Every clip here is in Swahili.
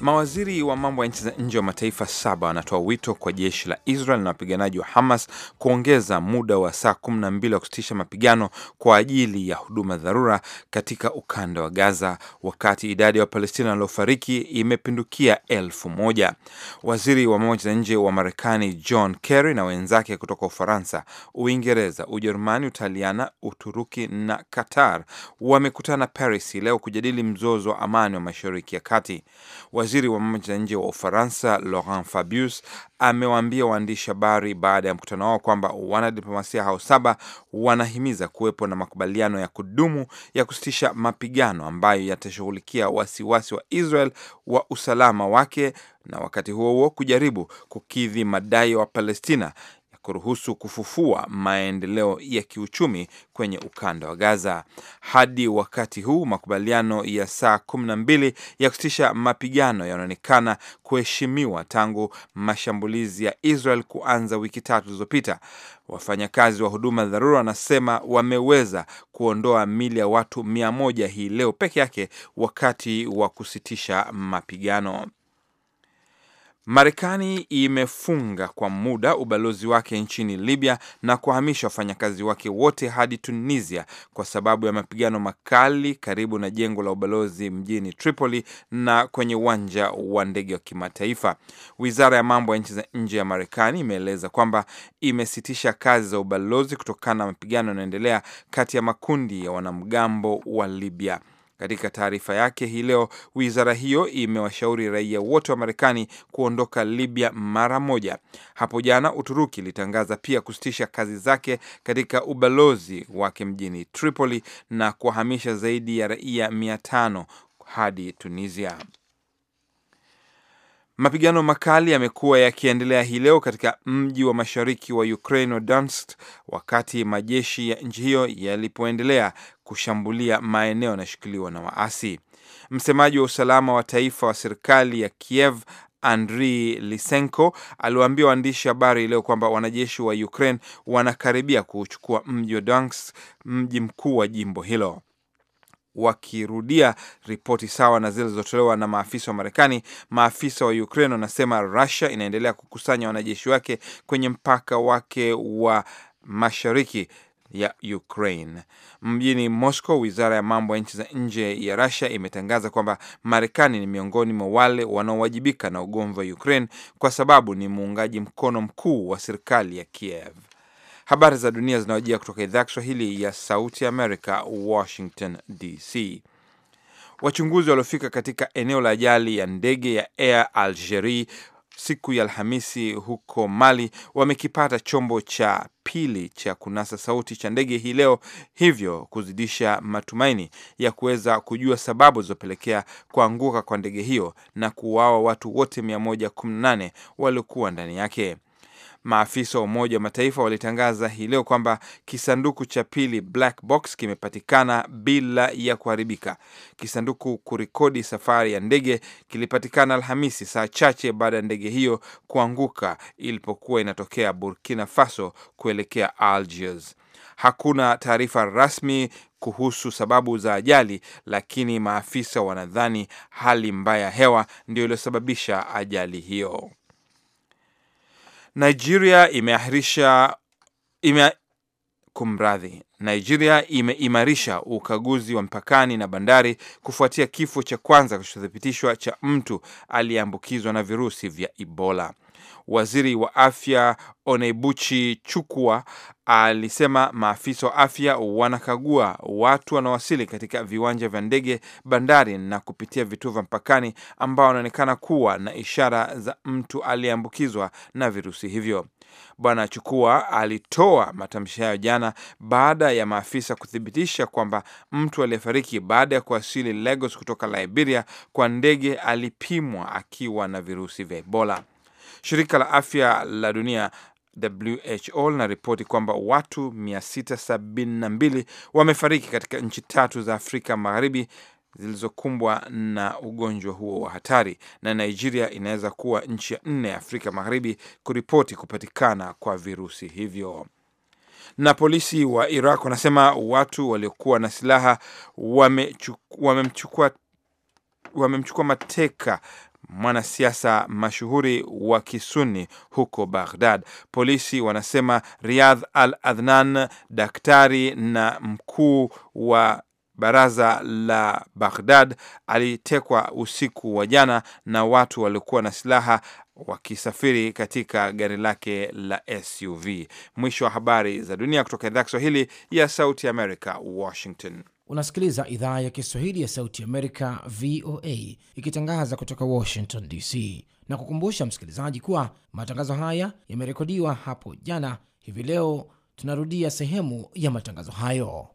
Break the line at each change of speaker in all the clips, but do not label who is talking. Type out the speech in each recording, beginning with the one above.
Mawaziri wa mambo ya nchi za nje wa mataifa saba wanatoa wito kwa jeshi la Israel na wapiganaji wa Hamas kuongeza muda wa saa kumi na mbili wa kusitisha mapigano kwa ajili ya huduma dharura katika ukanda wa Gaza, wakati idadi ya wa Wapalestina waliofariki imepindukia elfu moja. Waziri wa mambo ya nchi za nje wa Marekani John Kerry na wenzake kutoka Ufaransa, Uingereza, Ujerumani, Utaliana, Uturuki na Qatar wamekutana Paris leo kujadili mzozo wa amani wa Mashariki ya Kati. Waziri wa mambo ya nje wa Ufaransa Laurent Fabius amewaambia waandishi habari baada ya mkutano wao kwamba wanadiplomasia hao saba wanahimiza kuwepo na makubaliano ya kudumu ya kusitisha mapigano ambayo yatashughulikia wasiwasi wa Israel wa usalama wake na wakati huo huo kujaribu kukidhi madai wa Palestina kuruhusu kufufua maendeleo ya kiuchumi kwenye ukanda wa Gaza. Hadi wakati huu makubaliano ya saa kumi na mbili ya kusitisha mapigano yanaonekana kuheshimiwa tangu mashambulizi ya Israel kuanza wiki tatu zilizopita. Wafanyakazi wa huduma dharura wanasema wameweza kuondoa mili ya watu mia moja hii leo peke yake wakati wa kusitisha mapigano. Marekani imefunga kwa muda ubalozi wake nchini Libya na kuhamisha wafanyakazi wake wote hadi Tunisia kwa sababu ya mapigano makali karibu na jengo la ubalozi mjini Tripoli na kwenye uwanja wa ndege wa kimataifa. Wizara ya mambo ya nchi za nje ya Marekani imeeleza kwamba imesitisha kazi za ubalozi kutokana na mapigano yanayoendelea kati ya makundi ya wanamgambo wa Libya. Katika taarifa yake hii leo, wizara hiyo imewashauri raia wote wa Marekani kuondoka Libya mara moja. Hapo jana, Uturuki ilitangaza pia kusitisha kazi zake katika ubalozi wake mjini Tripoli na kuwahamisha zaidi ya raia mia tano hadi Tunisia. Mapigano makali yamekuwa yakiendelea hii leo katika mji wa mashariki wa Ukraine wa Donetsk, wakati majeshi ya nchi hiyo yalipoendelea kushambulia maeneo yanayoshikiliwa na waasi. Msemaji wa usalama wa taifa wa serikali ya Kiev Andrii Lisenko aliwaambia waandishi habari leo kwamba wanajeshi wa Ukraine wanakaribia kuchukua mji wa Donetsk, mji mkuu wa jimbo hilo wakirudia ripoti sawa na zile zilizotolewa na maafisa wa Marekani. Maafisa wa Ukraine wanasema Russia inaendelea kukusanya wanajeshi wake kwenye mpaka wake wa mashariki ya Ukraine. Mjini Moscow, wizara ya mambo ya nchi za nje ya Russia imetangaza kwamba Marekani ni miongoni mwa wale wanaowajibika na ugomvi wa Ukraine kwa sababu ni muungaji mkono mkuu wa serikali ya Kiev. Habari za dunia zinawajia kutoka idhaa ya Kiswahili ya Sauti ya Amerika, Washington DC. Wachunguzi waliofika katika eneo la ajali ya ndege ya Air Algerie siku ya Alhamisi huko Mali wamekipata chombo cha pili cha kunasa sauti cha ndege hii leo, hivyo kuzidisha matumaini ya kuweza kujua sababu zilizopelekea kuanguka kwa ndege hiyo na kuuawa watu wote 118 waliokuwa ndani yake. Maafisa wa Umoja wa Mataifa walitangaza hii leo kwamba kisanduku cha pili black box kimepatikana bila ya kuharibika. Kisanduku kurekodi safari ya ndege kilipatikana Alhamisi, saa chache baada ya ndege hiyo kuanguka ilipokuwa inatokea Burkina Faso kuelekea Algiers. Hakuna taarifa rasmi kuhusu sababu za ajali, lakini maafisa wanadhani hali mbaya ya hewa ndio iliyosababisha ajali hiyo. Nigeria imeahirisha ime, kumradhi Nigeria imeimarisha ukaguzi wa mpakani na bandari kufuatia kifo cha kwanza kilichothibitishwa cha mtu aliyeambukizwa na virusi vya Ebola. Waziri wa afya Onebuchi Chukua alisema maafisa wa afya wanakagua watu wanaowasili katika viwanja vya ndege, bandari na kupitia vituo vya mpakani ambao wanaonekana kuwa na ishara za mtu aliyeambukizwa na virusi hivyo. Bwana Chukua alitoa matamshi hayo jana baada ya maafisa kuthibitisha kwamba mtu aliyefariki baada ya kuwasili Lagos kutoka Liberia kwa ndege alipimwa akiwa na virusi vya Ebola. Shirika la afya la dunia WHO linaripoti kwamba watu 672 wamefariki katika nchi tatu za Afrika Magharibi zilizokumbwa na ugonjwa huo wa hatari, na Nigeria inaweza kuwa nchi ya nne ya Afrika Magharibi kuripoti kupatikana kwa virusi hivyo. Na polisi wa Iraq wanasema watu waliokuwa na silaha wamemchukua wamemchukua mateka mwanasiasa mashuhuri wa kisuni huko Baghdad. Polisi wanasema Riyadh Al Adnan, daktari na mkuu wa baraza la Baghdad, alitekwa usiku wa jana na watu waliokuwa na silaha wakisafiri katika gari lake la SUV. Mwisho wa habari za dunia kutoka idhaa Kiswahili ya Sauti ya Amerika, Washington.
Unasikiliza idhaa ya Kiswahili ya Sauti Amerika, VOA, ikitangaza kutoka Washington DC na kukumbusha msikilizaji kuwa matangazo haya yamerekodiwa hapo jana. Hivi leo tunarudia sehemu ya matangazo hayo.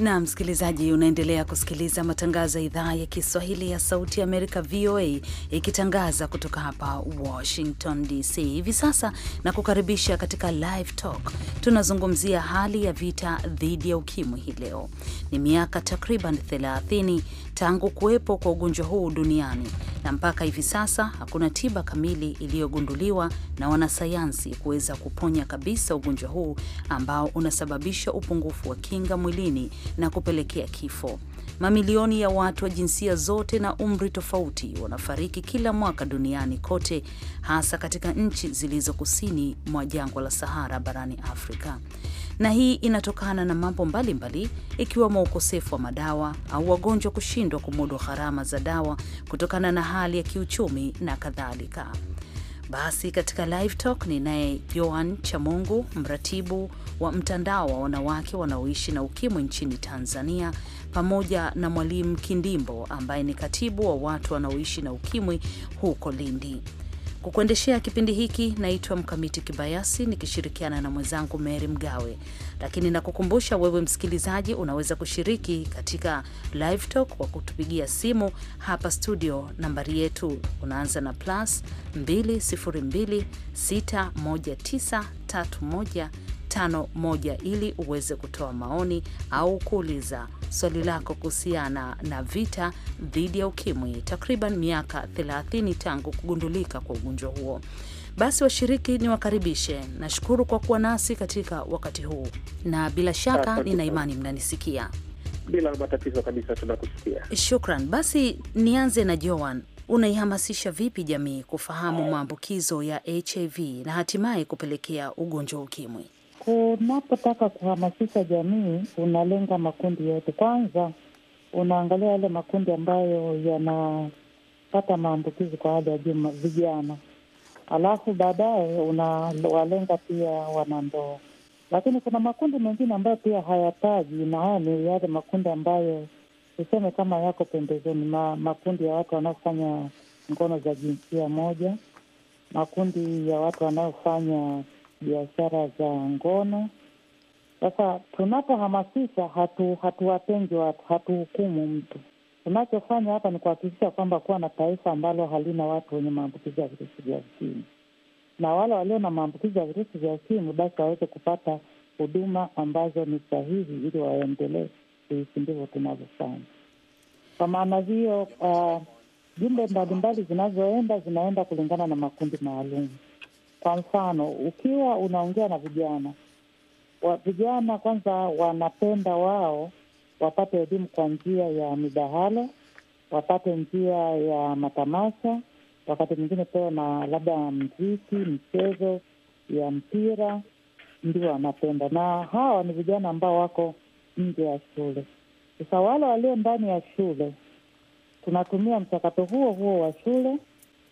Na msikilizaji, unaendelea kusikiliza matangazo ya idhaa ya Kiswahili ya Sauti ya Amerika, VOA, ikitangaza kutoka hapa Washington DC. Hivi sasa na kukaribisha katika Live Talk. Tunazungumzia hali ya vita dhidi ya ukimwi hii leo. Ni miaka takriban 30 tangu kuwepo kwa ugonjwa huu duniani na mpaka hivi sasa hakuna tiba kamili iliyogunduliwa na wanasayansi kuweza kuponya kabisa ugonjwa huu ambao unasababisha upungufu wa kinga mwilini na kupelekea kifo. Mamilioni ya watu wa jinsia zote na umri tofauti wanafariki kila mwaka duniani kote, hasa katika nchi zilizo kusini mwa jangwa la Sahara barani Afrika na hii inatokana na mambo mbalimbali ikiwemo ukosefu wa madawa au wagonjwa kushindwa kumudu gharama za dawa kutokana na hali ya kiuchumi na kadhalika. Basi katika live talk naye Joan Chamungu, mratibu wa mtandao wa wanawake wanaoishi na ukimwi nchini Tanzania, pamoja na Mwalimu Kindimbo ambaye ni katibu wa watu wanaoishi na ukimwi huko Lindi. Kukuendeshea kipindi hiki naitwa Mkamiti Kibayasi nikishirikiana na mwenzangu Mary Mgawe. Lakini nakukumbusha wewe msikilizaji, unaweza kushiriki katika live talk kwa kutupigia simu hapa studio. Nambari yetu unaanza na plus 202 619 31 51 ili uweze kutoa maoni au kuuliza swali lako kuhusiana na vita dhidi ya ukimwi, takriban miaka 30 tangu kugundulika kwa ugonjwa huo. Basi washiriki ni wakaribishe. Nashukuru kwa kuwa nasi katika wakati huu, na bila shaka ninaimani imani mnanisikia bila matatizo kabisa. Tunakusikia, shukran. Basi nianze na Joan, unaihamasisha vipi jamii kufahamu maambukizo ya HIV na hatimaye kupelekea ugonjwa ukimwi?
kunapotaka kuhamasisha jamii, unalenga makundi yote. Kwanza unaangalia yale makundi ambayo yanapata maambukizi kwa hali ya juu, vijana, alafu baadaye unawalenga pia wanandoa. Lakini kuna makundi mengine ambayo pia hayataji, na haya ni yale makundi ambayo tuseme kama yako pembezoni, ma, makundi ya watu wanaofanya ngono za jinsia moja, makundi ya watu wanaofanya biashara za ngono. Sasa tunapohamasisha, hatuwatengi watu, hatuhukumu mtu. Tunachofanya hapa ni kuhakikisha kwamba kuwa na taifa ambalo halina watu wenye maambukizi ya virusi vya ukimwi, na wale walio na maambukizi ya virusi vya ukimwi basi waweze kupata huduma ambazo ni sahihi, ili waendelee kuishi. Ndivyo tunavyofanya. Kwa maana hiyo, uh, jumbe mbalimbali zinazoenda zinaenda kulingana na makundi maalum. Kwa mfano, ukiwa unaongea na vijana wa, vijana kwanza wanapenda wao wapate elimu kwa njia ya midahalo, wapate njia ya matamasha, wakati mwingine pewa na labda mziki, mchezo ya mpira, ndio wanapenda. Na hawa ni vijana ambao wako nje ya shule. Sasa wale walio ndani ya shule tunatumia mchakato huo huo wa shule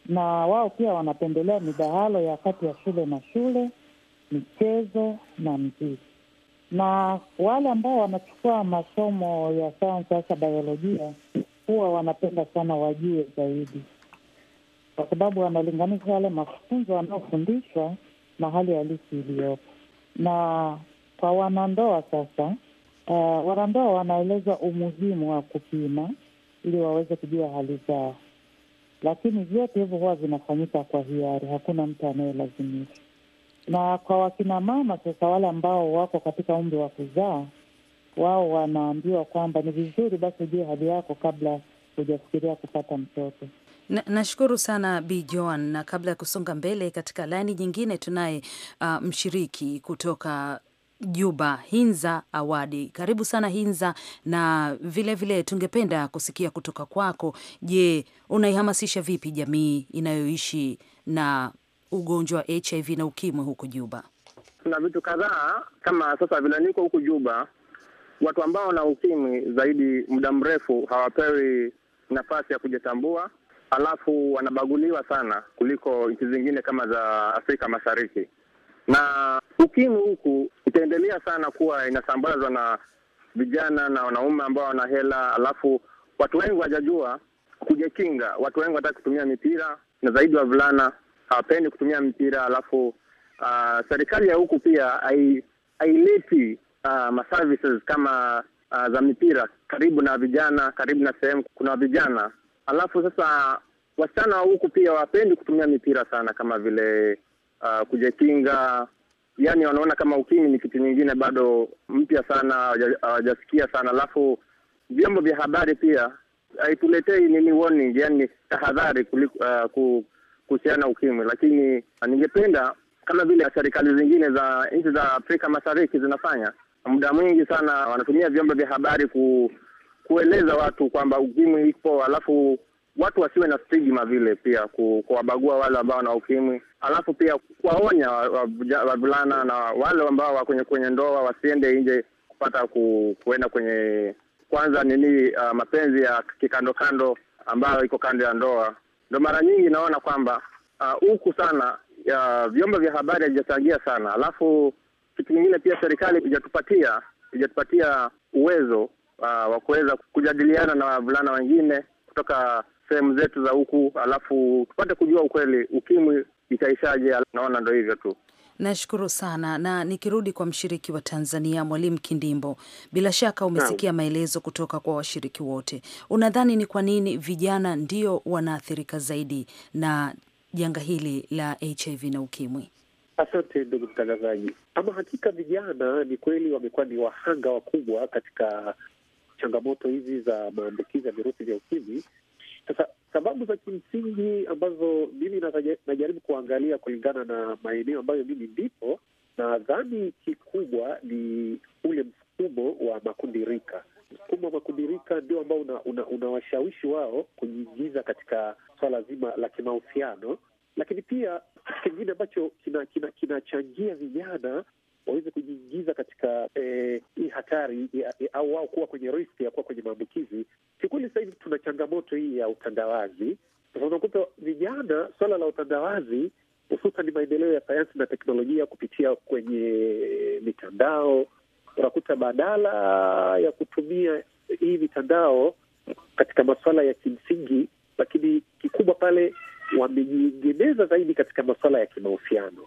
na wao pia wanapendelea midahalo ya kati ya shule na shule, michezo na mziki. Na wale ambao wanachukua masomo ya sayansi, hasa biolojia, huwa wanapenda sana wajue zaidi, kwa sababu wanalinganisha yale mafunzo wanaofundishwa na hali halisi iliyopo. Na kwa wanandoa sasa, uh, wanandoa wanaeleza umuhimu wa kupima ili waweze kujua hali zao lakini vyote hivyo huwa vinafanyika kwa hiari, hakuna mtu anayelazimika. Na kwa wakinamama sasa, wale ambao wako katika umri wa kuzaa, wao wanaambiwa kwamba ni vizuri basi ujue hali yako kabla hujafikiria kupata mtoto.
Nashukuru na sana Bi Joan, na kabla ya kusonga mbele katika laini nyingine, tunaye uh, mshiriki kutoka Juba, Hinza Awadi. Karibu sana Hinza, na vilevile vile tungependa kusikia kutoka kwako. Je, unaihamasisha vipi jamii inayoishi na ugonjwa wa HIV na ukimwi huko Juba?
Kuna vitu kadhaa kama sasa vinanikwa huku Juba. Watu ambao na ukimwi zaidi muda mrefu hawapewi nafasi ya kujitambua, alafu wanabaguliwa sana kuliko nchi zingine kama za Afrika Mashariki na ukimwi huku itaendelea sana kuwa inasambazwa na vijana na wanaume ambao wana hela, alafu watu wengi wajajua kujikinga. Watu wengi wataki kutumia mipira na zaidi wavulana hawapendi kutumia mipira, alafu uh, serikali ya huku pia haileti uh, ah, maservices kama uh, za mipira karibu na vijana, karibu na sehemu kuna vijana. Alafu sasa wasichana wa huku pia hawapendi kutumia mipira sana kama vile uh, kujikinga. Yani wanaona kama ukimwi ni kitu nyingine bado mpya sana, hawajasikia sana. Alafu vyombo vya habari pia haituletei nini warning, yani tahadhari uh, kuhusiana uh, ukimwi. Lakini ningependa kama vile serikali zingine za nchi za Afrika Mashariki zinafanya, muda mwingi sana wanatumia vyombo vya habari ku, kueleza watu kwamba ukimwi ipo, alafu watu wasiwe na stigma vile, pia kuwabagua wale ambao wana ukimwi, alafu pia kuwaonya wavulana na wale ambao wa kwenye, kwenye ndoa wasiende nje kupata ku, kuenda kwenye kwanza nini uh, mapenzi ya kikando kando ambayo iko kando ya ndoa. Ndo mara nyingi naona kwamba ah, huku uh, sana uh, vyombo vya habari havijachangia sana, alafu kitu kingine pia serikali ijatupatia ijatupatia uwezo uh, wa kuweza kujadiliana na wavulana wengine kutoka sehemu zetu za huku, alafu tupate kujua ukweli ukimwi itaishaje. Naona ndo hivyo tu.
Nashukuru sana na nikirudi kwa mshiriki wa Tanzania Mwalimu Kindimbo, bila shaka umesikia maelezo kutoka kwa washiriki wote. Unadhani ni kwa nini vijana ndio wanaathirika zaidi na janga hili la HIV na ukimwi?
Asante ndugu mtangazaji. Ama hakika vijana ni kweli wamekuwa ni wahanga wakubwa katika changamoto hizi za maambukizi ya virusi vya ukimwi, sasa sababu za kimsingi ambazo mimi najaribu kuangalia kulingana na maeneo ambayo mimi ndipo, nadhani kikubwa ni ule mfumo wa makundi rika. Mfumo wa makundi rika ndio ambao unawashawishi una, una wao kujiingiza katika swala zima la kimahusiano, lakini pia kitu kingine ambacho kinachangia kina, kina vijana waweze kujiingiza katika eh, hii hatari au wao kuwa kwenye riski ya kuwa kwenye maambukizi. Kiukweli sasa hivi tuna changamoto hii ya utandawazi. Sasa unakuta vijana, swala la utandawazi hususan maendeleo ya sayansi na teknolojia kupitia kwenye mitandao, unakuta badala ya kutumia hii mitandao katika masuala ya kimsingi, lakini kikubwa pale wamejiengemeza zaidi katika masuala ya kimahusiano.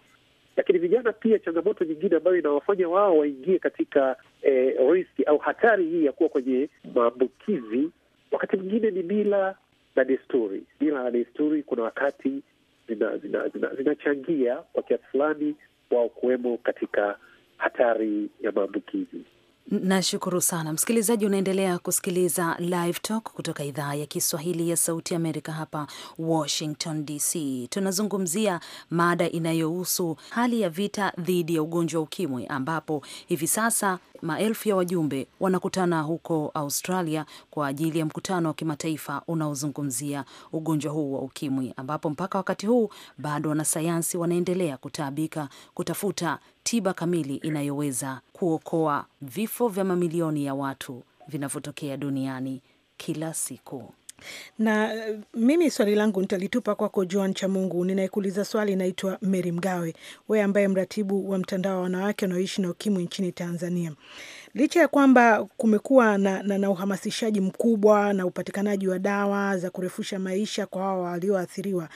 Lakini vijana pia, changamoto nyingine ambayo inawafanya wao waingie katika eh, riski au hatari hii ya kuwa kwenye maambukizi, wakati mwingine ni mila na desturi. Mila na desturi kuna wakati zinachangia zina, zina, zina kwa kiasi fulani wao kuwemo katika hatari ya maambukizi.
Nashukuru sana msikilizaji, unaendelea kusikiliza Live Talk kutoka idhaa ya Kiswahili ya Sauti Amerika hapa Washington DC. Tunazungumzia mada inayohusu hali ya vita dhidi ya ugonjwa wa UKIMWI, ambapo hivi sasa maelfu ya wajumbe wanakutana huko Australia kwa ajili ya mkutano wa kimataifa unaozungumzia ugonjwa huu wa UKIMWI, ambapo mpaka wakati huu bado wanasayansi wanaendelea kutaabika kutafuta tiba kamili inayoweza kuokoa vifo vya mamilioni ya watu vinavyotokea duniani kila siku.
Na eh, mimi swali langu nitalitupa kwako Joan cha Mungu. Ninayekuuliza swali inaitwa Meri Mgawe, wewe ambaye mratibu wa mtandao wa wanawake wanaoishi na ukimwi nchini Tanzania. Licha ya kwamba kumekuwa na, na, na uhamasishaji mkubwa na upatikanaji wa dawa za kurefusha maisha kwa hao walioathiriwa,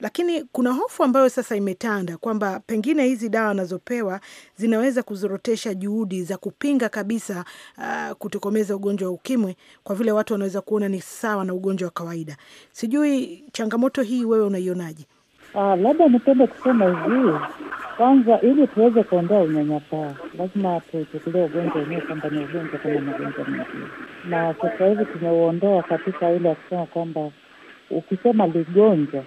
lakini kuna hofu ambayo sasa imetanda kwamba pengine hizi dawa anazopewa zinaweza kuzorotesha juhudi za kupinga kabisa uh, kutokomeza ugonjwa wa ukimwi, kwa vile watu wanaweza kuona ni sawa na ugonjwa wa kawaida. Sijui changamoto hii wewe unaionaje? Uh, labda nipende kusema hivi kwanza, ili tuweze
kuondoa unyanyapaa lazima tuchukulia ugonjwa wenyewe kwamba ni ugonjwa kama magonjwa mengine, na sasa hivi tumeuondoa katika ile ya kusema kwamba ukisema ligonjwa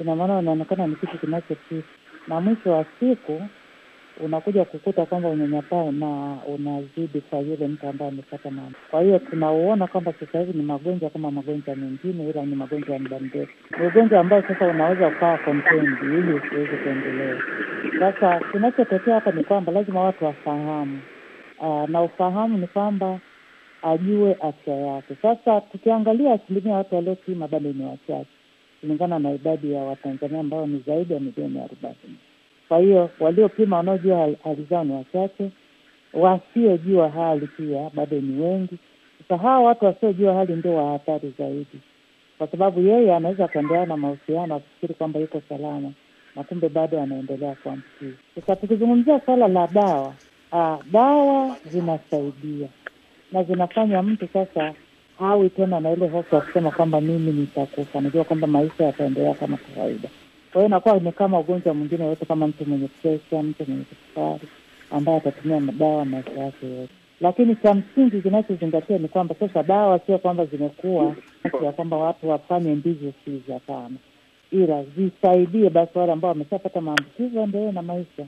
ina maana unaonekana ni kitu kinachofika, na mwisho wa siku unakuja kukuta kwamba unyanyapaa una unazidi kwa yule mtu ambaye amepata mama. Kwa hiyo tunauona kwamba sasa hivi ni magonjwa kama magonjwa mengine, ila ni magonjwa ya muda mrefu, ni ugonjwa ambao sasa unaweza ukawa contained ili usiweze kuendelea. Sasa kinachotokea hapa ni kwamba lazima watu wafahamu ah, na ufahamu ni kwamba ajue afya yake. Sasa tukiangalia asilimia watu waliopima bado ni wachache kulingana na idadi ya Watanzania ambao ni zaidi ya milioni arobaini. Kwa hiyo waliopima wanaojua hali zao ni wachache, wasiojua hali pia bado ni wengi. Sasa hawa watu wasiojua hali ndio wa hatari zaidi, kwa sababu yeye anaweza akaendelea na mahusiano akifikiri kwamba yuko salama na kumbe bado anaendelea kuambukiza. Sasa tukizungumzia suala la dawa, aa, ah, dawa zinasaidia na zinafanya mtu sasa hawi tena na ile hofu ya kusema kwamba mimi nitakufa. Najua kwamba maisha yataendelea kama kawaida. Kwa hiyo inakuwa ni kama ugonjwa mwingine yote, kama mtu mwenye presha, mtu mwenye kisukari ambaye atatumia madawa maisha yake yote. Lakini cha msingi kinachozingatia ni kwamba sasa dawa sio kwamba zimekuwa ya kwamba watu wafanye ndivyo sivyo, hapana, ila zisaidie basi wale ambao wameshapata maambukizi waendelee na maisha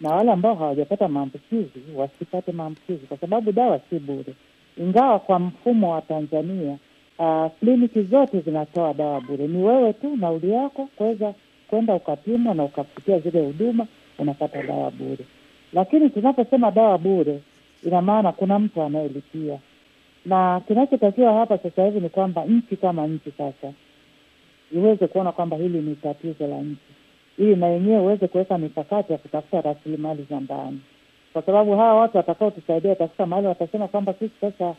na wale ambao hawajapata maambukizi wasipate maambukizi, kwa sababu dawa si bure ingawa kwa mfumo wa Tanzania uh, kliniki zote zinatoa dawa bure. Ni wewe tu nauli yako kuweza kwenda ukapimwa na ukafikia zile huduma, unapata dawa bure. Lakini tunaposema dawa bure, ina maana kuna mtu anayelipia, na kinachotakiwa hapa sasa hivi ni kwamba nchi kama nchi sasa iweze kuona kwamba hili ni tatizo la nchi, ili na yenyewe uweze kuweka mikakati ya kutafuta rasilimali za ndani kwa sababu hawa watu tusaidia watafika mahali watasema kwamba sisi sasa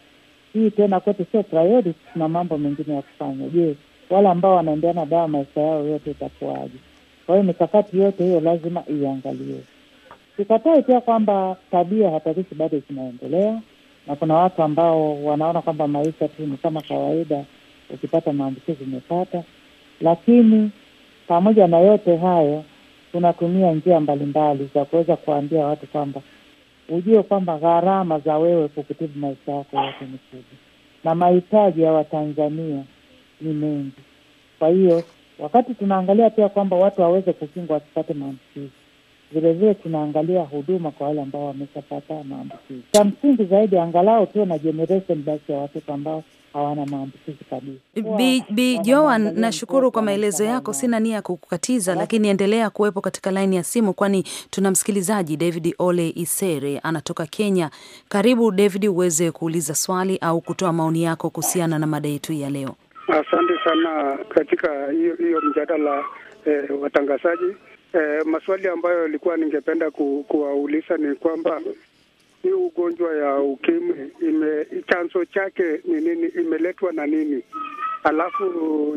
hii tena kwetu sio priority, tuna mambo mengine ya kufanya. Je, wale ambao wanaendea na dawa maisha yao yote itakuwaje? Kwa hiyo mikakati yote hiyo lazima iangaliwe. Sikatai pia kwamba tabia hatarishi bado zinaendelea, na kuna watu ambao wanaona kwamba maisha tu ni kama kawaida, ukipata maambukizi umepata. Lakini pamoja na yote hayo, tunatumia njia mbalimbali za kuweza kuambia watu kwamba ujue kwamba gharama za wewe kukutibu maisha yako yote ni kubwa, na mahitaji ya Watanzania ni mengi. Kwa hiyo wakati tunaangalia pia kwamba watu waweze kukingwa wasipate maambukizi, vilevile tunaangalia huduma kwa wale ambao wameshapata maambukizi. Cha msingi zaidi, angalau tuwe na generation basi ya watoto ambao hawana maambukizi kabisa.
Bi, Bi Joan, nashukuru kwa maelezo yako. Sina nia ya kukukatiza, lakini endelea kuwepo katika laini ya simu, kwani tuna msikilizaji David Ole Isere anatoka Kenya. Karibu David, uweze kuuliza swali au kutoa maoni yako kuhusiana na mada yetu ya leo.
Asante sana katika hiyo hiyo mjadala eh, watangazaji eh, maswali ambayo ilikuwa ningependa ku, kuwauliza ni kwamba hii ugonjwa ya ukimwi ime chanzo chake ni nini, imeletwa na nini? Alafu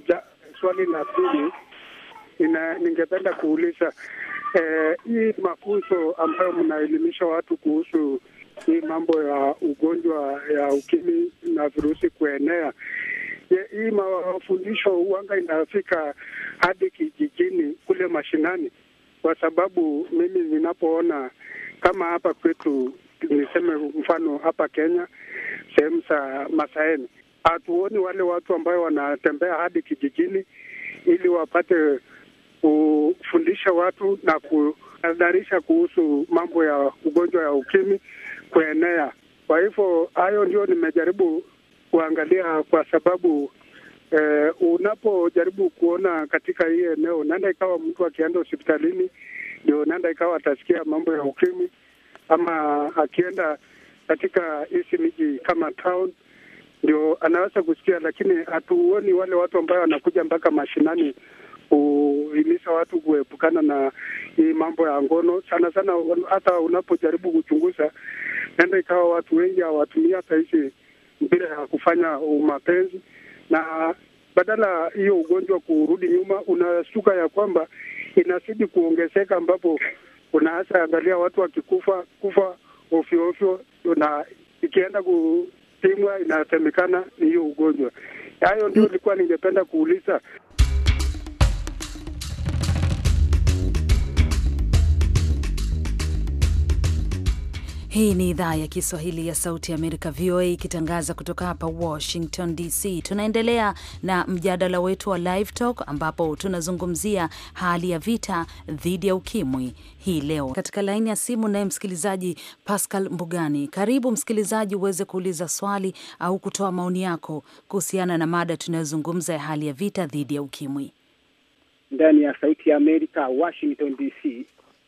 ja, swali la pili ina, ningependa kuuliza eh, hii mafunzo ambayo mnaelimisha watu kuhusu hii mambo ya ugonjwa ya ukimwi na virusi kuenea hii mafundisho huanga inafika hadi kijijini kule mashinani, kwa sababu mimi ninapoona kama hapa kwetu niseme mfano hapa Kenya, sehemu za Masaeni, hatuoni wale watu ambayo wanatembea hadi kijijini ili wapate kufundisha watu na kuhadharisha kuhusu mambo ya ugonjwa ya ukimwi kuenea. Kwa hivyo hayo ndio nimejaribu kuangalia, kwa sababu eh, unapojaribu kuona katika hii eneo, naenda ikawa mtu akienda hospitalini ndio naenda ikawa atasikia mambo ya ukimwi ama akienda katika hizi miji kama town ndio anaweza kusikia, lakini hatuoni wale watu ambayo wanakuja mpaka mashinani kuhimiza watu kuepukana na hii mambo ya ngono. Sana sana hata unapojaribu kuchunguza, naenda ikawa watu wengi hawatumia hata hizi mpira ya kufanya mapenzi, na badala hiyo ugonjwa kurudi nyuma, unashtuka ya kwamba inazidi kuongezeka, ambapo unaasa angalia watu wakikufa kufa ofyo ofyo, na ikienda kupimwa inasemekana ni hiyo ugonjwa. Hayo ndio mm. ilikuwa ningependa kuuliza.
Hii ni idhaa ya Kiswahili ya Sauti ya Amerika, VOA, ikitangaza kutoka hapa Washington DC. Tunaendelea na mjadala wetu wa Live Talk ambapo tunazungumzia hali ya vita dhidi ya ukimwi hii leo. Katika laini ya simu naye msikilizaji Pascal Mbugani. Karibu msikilizaji, uweze kuuliza swali au kutoa maoni yako kuhusiana na mada tunayozungumza ya hali ya vita dhidi ya ukimwi
ndani ya Sauti ya Amerika, Washington DC.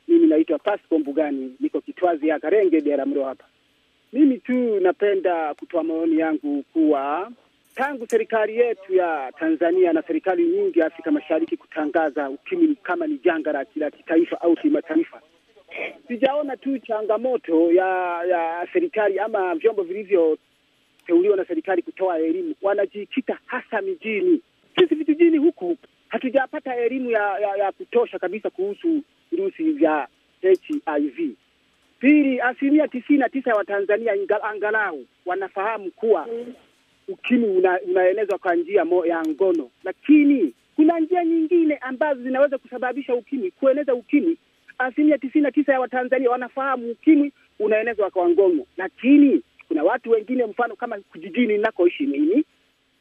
Mimi naitwa Pasco Mbugani, niko Kitwazi ya Karenge mro hapa. Mimi tu napenda kutoa maoni yangu kuwa tangu serikali yetu ya Tanzania na serikali nyingi ya Afrika Mashariki kutangaza ukimwi kama ni janga la kila kitaifa au kimataifa, sijaona tu changamoto ya ya serikali ama vyombo vilivyoteuliwa na serikali kutoa elimu, wanajikita hasa mijini. Sisi vijijini huku hatujapata elimu ya, ya, ya kutosha kabisa kuhusu virusi vya HIV. Pili, asilimia tisini na tisa ya Watanzania angalau wanafahamu kuwa ukimwi una, unaenezwa kwa njia ya ngono, lakini kuna njia nyingine ambazo zinaweza kusababisha ukimwi, kueneza ukimwi. Asilimia tisini na tisa ya Watanzania wanafahamu ukimwi unaenezwa kwa ngono, lakini kuna watu wengine, mfano kama kijijini ninakoishi mimi,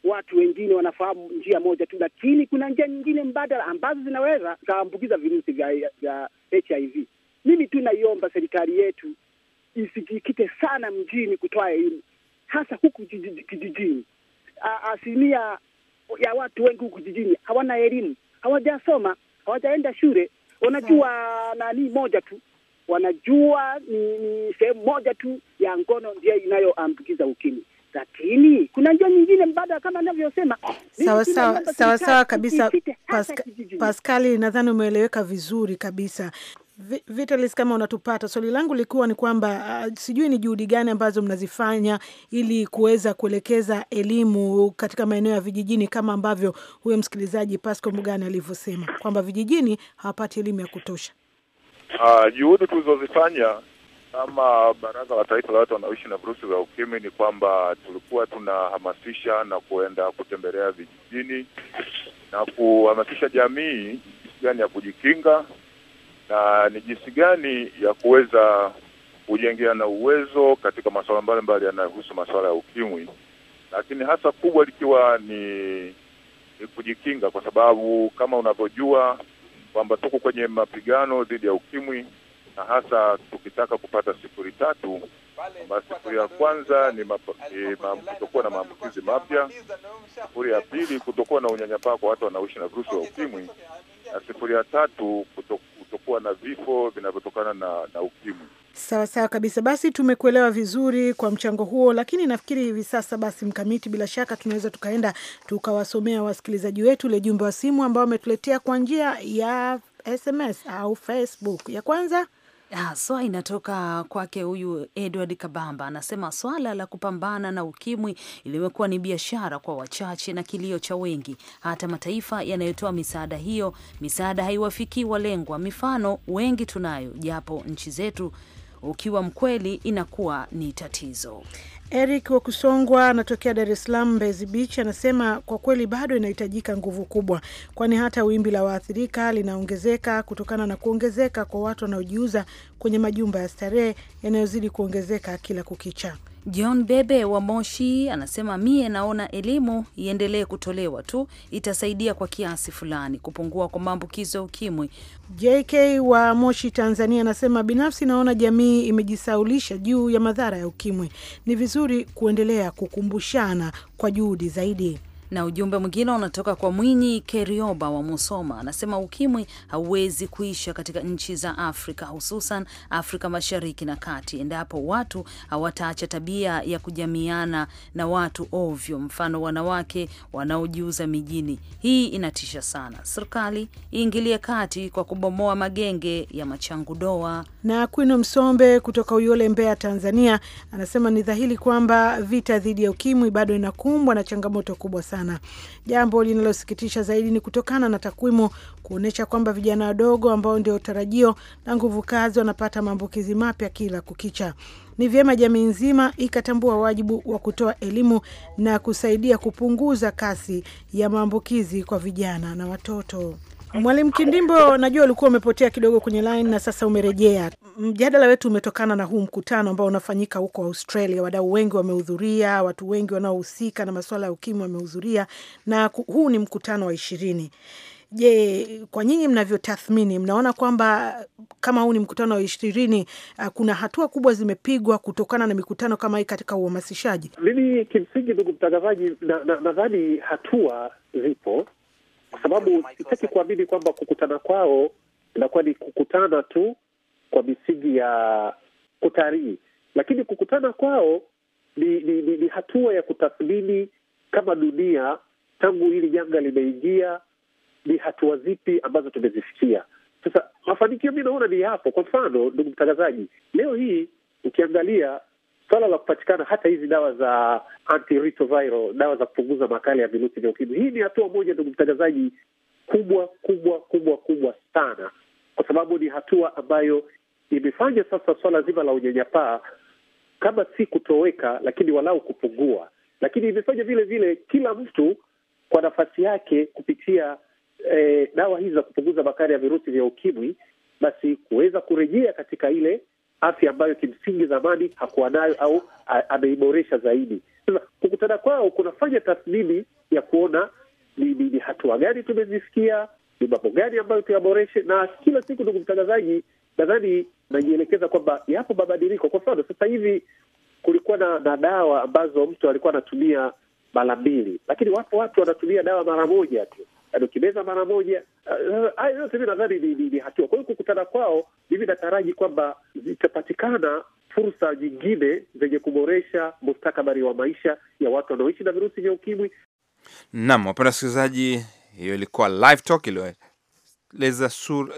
watu wengine wanafahamu njia moja tu, lakini kuna njia nyingine mbadala ambazo zinaweza zikaambukiza virusi vya, vya HIV. Mimi tu naiomba serikali yetu isijikite sana mjini kutoa elimu, hasa huku kijijini. Asilimia ya watu wengi huku kijijini hawana elimu, hawajasoma, hawajaenda shule, wanajua nani moja tu wanajua ni, ni sehemu moja tu ya ngono ndiyo inayoambukiza ukimwi ubatili.
Kuna njia nyingine mbadala kama anavyosema. sawasawa eh, sawa, sawa kabisa. Paska, Paskali, nadhani umeeleweka vizuri kabisa. Vitalis, kama unatupata, swali langu likuwa ni kwamba uh, sijui ni juhudi gani ambazo mnazifanya ili kuweza kuelekeza elimu katika maeneo ya vijijini, kama ambavyo huyo msikilizaji Pasco Mugani alivyosema kwamba vijijini hawapati elimu ya kutosha.
Uh, juhudi tulizozifanya kama Baraza la Taifa la Watu Wanaoishi na Virusi vya Ukimwi ni kwamba tulikuwa tunahamasisha na kuenda kutembelea vijijini na kuhamasisha jamii jinsi gani ya kujikinga na ni jinsi gani ya kuweza kujengea na uwezo katika masuala mbalimbali yanayohusu masuala ya ukimwi, lakini hasa kubwa likiwa ni, ni kujikinga, kwa sababu kama unavyojua kwamba tuko kwenye mapigano dhidi ya ukimwi na hasa tukitaka kupata sifuri tatu ambayo sifuri ya kwanza ni kutokuwa na maambukizi mapya, sifuri ya pili kutokuwa na unyanyapaa kwa watu wanaoishi na virusi vya ukimwi, na sifuri ya tatu kutokuwa na vifo vinavyotokana na, na ukimwi.
Sawa sawa kabisa. Basi tumekuelewa vizuri kwa mchango huo, lakini nafikiri hivi sasa basi, Mkamiti, bila shaka tunaweza tukaenda tukawasomea wasikilizaji wetu le jumbe wa simu ambao wametuletea kwa njia ya SMS au Facebook. Ya kwanza
haswa ah, inatoka kwake huyu Edward Kabamba. Anasema swala la kupambana na ukimwi limekuwa ni biashara kwa wachache na kilio cha wengi. Hata mataifa yanayotoa misaada hiyo, misaada haiwafikii walengwa. Mifano wengi tunayo, japo nchi zetu, ukiwa mkweli, inakuwa ni tatizo.
Eric wa Kusongwa anatokea Dar es Salaam, Mbezi Beach, anasema kwa kweli bado inahitajika nguvu kubwa, kwani hata wimbi la waathirika linaongezeka kutokana na kuongezeka kwa watu wanaojiuza kwenye majumba ya
starehe yanayozidi kuongezeka kila kukicha. John Bebe wa Moshi anasema mie naona elimu iendelee kutolewa tu, itasaidia kwa kiasi fulani kupungua kwa maambukizo ya ukimwi.
JK wa Moshi, Tanzania anasema binafsi naona jamii imejisaulisha juu ya madhara ya ukimwi, ni vizuri kuendelea kukumbushana
kwa juhudi zaidi. Na ujumbe mwingine unatoka kwa Mwinyi Kerioba wa Musoma, anasema ukimwi hauwezi kuisha katika nchi za Afrika, hususan Afrika Mashariki na Kati, endapo watu hawataacha tabia ya kujamiana na watu ovyo, mfano wanawake wanaojiuza mijini. Hii inatisha sana. Serikali iingilie kati kwa kubomoa magenge ya machangu doa.
Na Kwino Msombe kutoka Uyole, Mbeya, Tanzania, anasema ni dhahiri kwamba vita dhidi ya ukimwi bado inakumbwa na changamoto kubwa sana sana. Jambo linalosikitisha zaidi ni kutokana na takwimu kuonyesha kwamba vijana wadogo ambao ndio tarajio na nguvu kazi wanapata maambukizi mapya kila kukicha. Ni vyema jamii nzima ikatambua wajibu wa kutoa elimu na kusaidia kupunguza kasi ya maambukizi kwa vijana na watoto. Mwalimu Kindimbo, najua ulikuwa umepotea kidogo kwenye line na sasa umerejea. Mjadala wetu umetokana na huu mkutano ambao unafanyika huko Australia. Wadau wengi wamehudhuria, watu wengi wanaohusika na masuala ya ukimwi wamehudhuria, na huu ni mkutano wa ishirini. Je, kwa nyinyi mnavyotathmini, mnaona kwamba kama huu ni mkutano wa ishirini, uh, kuna hatua kubwa zimepigwa kutokana na mikutano kama hii katika uhamasishaji? Mimi kimsingi, ndugu
mtangazaji, nadhani na, na, hatua zipo sababu sitaki kuamini kwamba kukutana kwao inakuwa ni kukutana tu kwa misingi ya kutarii lakini kukutana kwao ni, ni, ni, ni hatua ya kutathmini kama dunia tangu hili janga limeingia ni hatua zipi ambazo tumezifikia. Sasa mafanikio mi naona ni hapo. Kwa mfano, ndugu mtangazaji, leo hii ukiangalia swala la kupatikana hata hizi dawa za antiretroviral, dawa za kupunguza makali ya virusi vya ukimwi, hii ni hatua moja, ndugu mtangazaji, kubwa kubwa kubwa kubwa sana, kwa sababu ni hatua ambayo imefanya sasa swala zima la unyanyapaa kama si kutoweka, lakini walau kupungua. Lakini imefanya vile vile kila mtu kwa nafasi yake kupitia eh, dawa hizi za kupunguza makali ya virusi vya ukimwi, basi kuweza kurejea katika ile afya ambayo kimsingi zamani hakuwa nayo au ameiboresha zaidi. Sasa kukutana kwao kunafanya tathmini ya kuona ni, ni, ni hatua gani tumezisikia ni mambo gani ambayo tuyaboreshe, na kila siku, ndugu mtangazaji, nadhani najielekeza kwamba yapo mabadiliko. Kwa mfano sasa hivi kulikuwa na, na dawa ambazo mtu alikuwa anatumia mara mbili, lakini wapo watu wanatumia dawa mara moja tu amekimeza mara moja. Eh, Hayo yote mi nadhani ni hatua. Kwa hiyo kukutana kwao, mimi nataraji kwamba zitapatikana fursa nyingine zenye kuboresha mustakabali wa maisha ya watu wanaoishi na virusi vya ukimwi.
Naam, wapenda wasikilizaji, hiyo ilikuwa live talk iliyo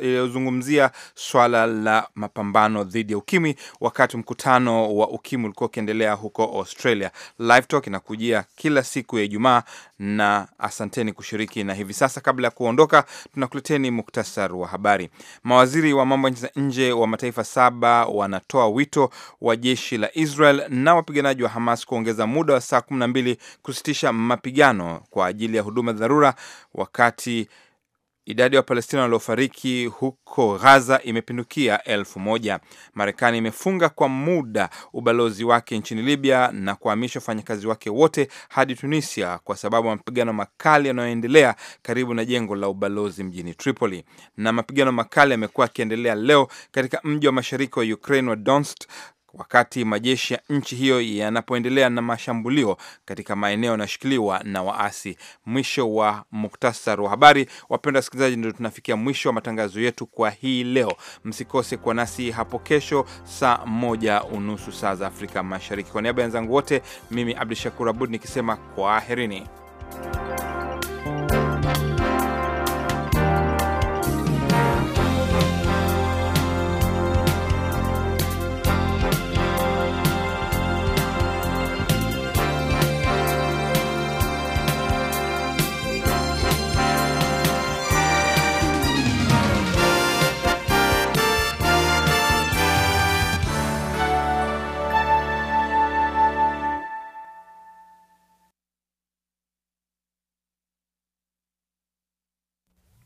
iliyozungumzia swala la mapambano dhidi ya ukimwi wakati mkutano wa ukimwi ulikuwa ukiendelea huko Australia. Live Talk inakujia kila siku ya Ijumaa na asanteni kushiriki. Na hivi sasa, kabla ya kuondoka, tunakuleteni muktasar wa habari. Mawaziri wa mambo ya nje wa mataifa saba wanatoa wito wa jeshi la Israel na wapiganaji wa Hamas kuongeza muda wa saa 12 kusitisha mapigano kwa ajili ya huduma dharura wakati Idadi ya Wapalestina waliofariki huko Gaza imepindukia elfu moja. Marekani imefunga kwa muda ubalozi wake nchini Libya na kuhamisha wafanyakazi wake wote hadi Tunisia kwa sababu ya mapigano makali yanayoendelea karibu na jengo la ubalozi mjini Tripoli. Na mapigano makali yamekuwa yakiendelea leo katika mji wa mashariki wa Ukraine wa Donetsk wakati majeshi ya nchi hiyo yanapoendelea na mashambulio katika maeneo yanayoshikiliwa na waasi. Mwisho wa muktasar wa habari. Wapenda wasikilizaji, ndio tunafikia mwisho wa matangazo yetu kwa hii leo. Msikose kuwa nasi hapo kesho saa moja unusu saa za Afrika Mashariki. Kwa niaba ya wenzangu wote, mimi Abdu Shakur Abud nikisema kwaherini.